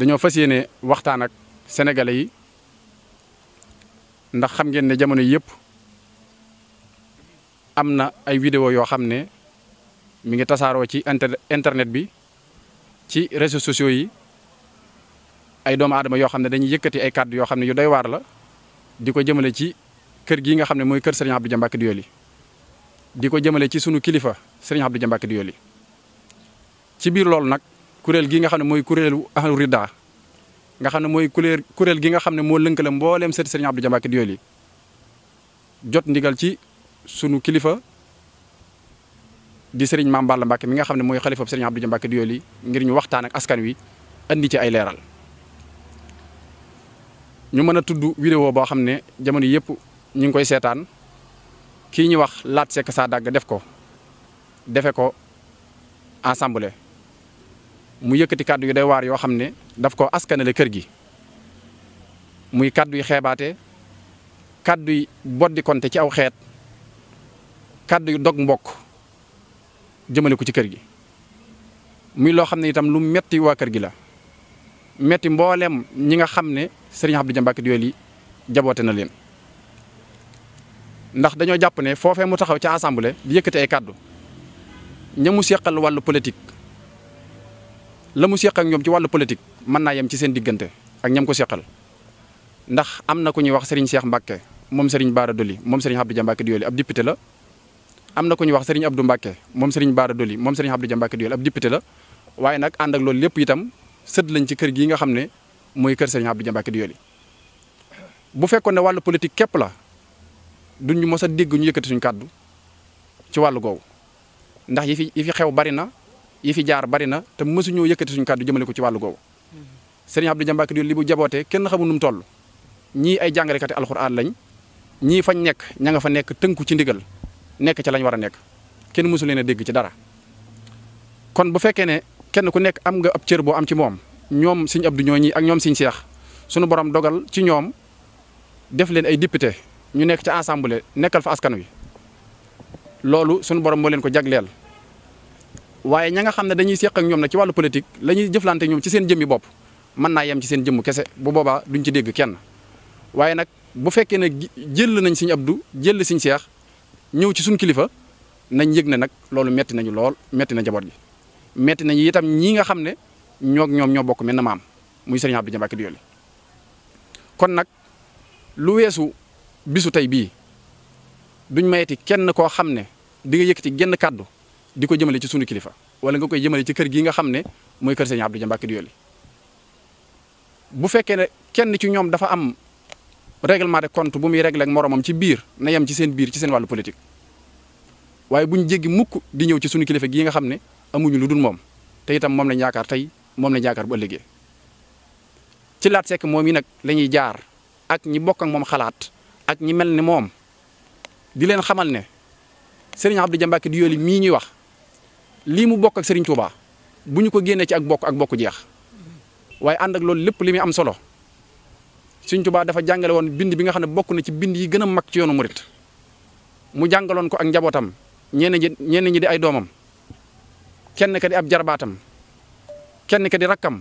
dañoo fas yéene waxtaan ak sénégalais yi ndax xam ngeen ne jamono yëpp am na ay vidéo yoo xam ne mu ngi tasaaroo ci internet bi ci réseaux sociaux yi ay doomu aadama yoo xam ne dañuy yëkkati ay kàddu yoo xam ne yu day waar la di ko jëmale ci kër gii nga xam ne mooy kër Serigne Abdou Dia Mbacké Doyoly di ko jëmale ci sunu kilifa Serigne Abdou Dia Mbacké Doyoly ci biir loolu nag. kuréel gi nga xam ne mooy kuréelu ahlu rida nga xam ne mooy kuréel kuréel gi nga xam ne moo lënkale mbooleem sëti sëriñ Abdou Dia Mbacké jot ndigal ci sunu kilifa di sëriñ Mame Balla Mbacké mi nga xam ne mooy xalifa sëriñ Abdou Dia Mbacké Doyoly ngir ñu waxtaan ak askan wi andi ci ay leeral ñu mën a tudd vidéo boo xam ne jamono yëpp ñu ngi koy seetaan kii ñu wax laat sekk saa dagg def ko defe ko assemblée mu yëkkati kàddu yu day waar yoo xam ne daf ko askanale kër gi muy kàddu yi xeebaate kàddu yi boddi ci aw xeet kàddu yu dog mbokk jëmale ko ci kër gi muy loo xam ne itam lu metti waa kër gi la metti mbooleem ñi nga xam ne sëriñ Abdou Dia Mbacké yi jaboote na leen ndax dañoo jàpp ne foofee mu taxaw ci assemblée di yëkkati ay kàddu ña mu seqal wàllu politique la mu seq ak ñoom ci wàllu politique mën naa yem ci seen diggante ak ñam ko seqal ndax am na ko ñuy wax Serigne Cheikh Mbacke moom Serigne Bara Doli moom Serigne Abdou Dia Mbacke Doyoly ab député la. am na ku ñuy wax Serigne Abdou Mbacke moom Serigne Bara Doli moom Serigne Abdou Dia Mbacke Doyoly ab député la waaye nag ànd ak loolu lépp itam sët lañ ci kër gii nga xam ne mooy kër Serigne Abdou Dia Mbacke Doyoly bu fekkoon ne wàllu politique képp la duñ mos a dégg ñu yëkkati kàddu ci wàllu googu ndax yi fi yi fi xew bari na yi fi jaar bari na te mësuñoo yëkkati suñu kàddu jëmale ko ci wàllu googu sëriñ Abdou Jambak li bu jaboote kenn xamul nu mu toll ñii ay jàngalekati alxuraan lañ ñii fañ nekk ña nga fa nekk tënku ci ndigal nekk ca lañ war a nekk kenn mësu leen a dégg ci dara kon bu fekkee ne kenn ku nekk am nga ab cër boo am ci moom ñoom ab sëñ Abdou ñooñi ak ñoom sëñ Seex suñu borom dogal ci ñoom def leen ay député ñu nekk ci assemblée nekkal fa askan wi loolu suñu borom moo leen ko jagleel waaye ña nga xam ne dañuy seq ak ñoom nag ci wàllu politique lañuy ñuy jëflante ñoom ci seen jëmmi bopp mën naa yem ci seen jëmmu kese bu boobaa duñ ci dégg kenn waaye nag bu fekkee nag jël nañ Sëñ Abdu jël Sëñ Seex ñëw ci suñ kilifa nañ yëg ne nag loolu metti nañu lool metti na njaboot gi metti nañu itam ñi nga xam ne ñoog ñoom ñoo bokk mel na maam muy Sëriñ Abdou Jambaake Doyoly kon nag lu weesu bisu tey bii duñ mayeti kenn koo xam ne di nga yëkkati genn kàddu di ko jëmale ci sunu kilifa wala nga koy jëmale ci kër gi nga xam ne mooy kër Serigne Abdou Dia Mbacké Doyoly bu fekkee ne kenn ci ñoom dafa am règlement de compte bu muy réglé ak moromam ci biir na yem ci seen biir ci seen wàllu politique waaye buñ jéggi mukk di ñëw ci sunu kilifa gii nga xam ne amuñu lu dul moom te itam moom lañ yaakaar tey moom lañ yaakaar ba ëllëgee ci laat sekk moom yi nag la ñuy jaar ak ñi bokk ak moom xalaat ak ñi mel ni moom di leen xamal ne Serigne Abdou Dia Mbacké Doyoly mii ñuy wax. lii mu bokk ak Serigne Touba bu ñu ko génnee ci ak bokk ak bokk jeex waaye ànd ak loolu lépp li muy am solo Serigne Touba dafa jàngale woon bind bi nga xam ne bokk na ci bind yi gën a mag ci yoonu murit mu jàngaloon ko ak njabootam ñenn ñi ñenn ñi di ay doomam kenn ka di ab jarbaatam kenn ka di rakkam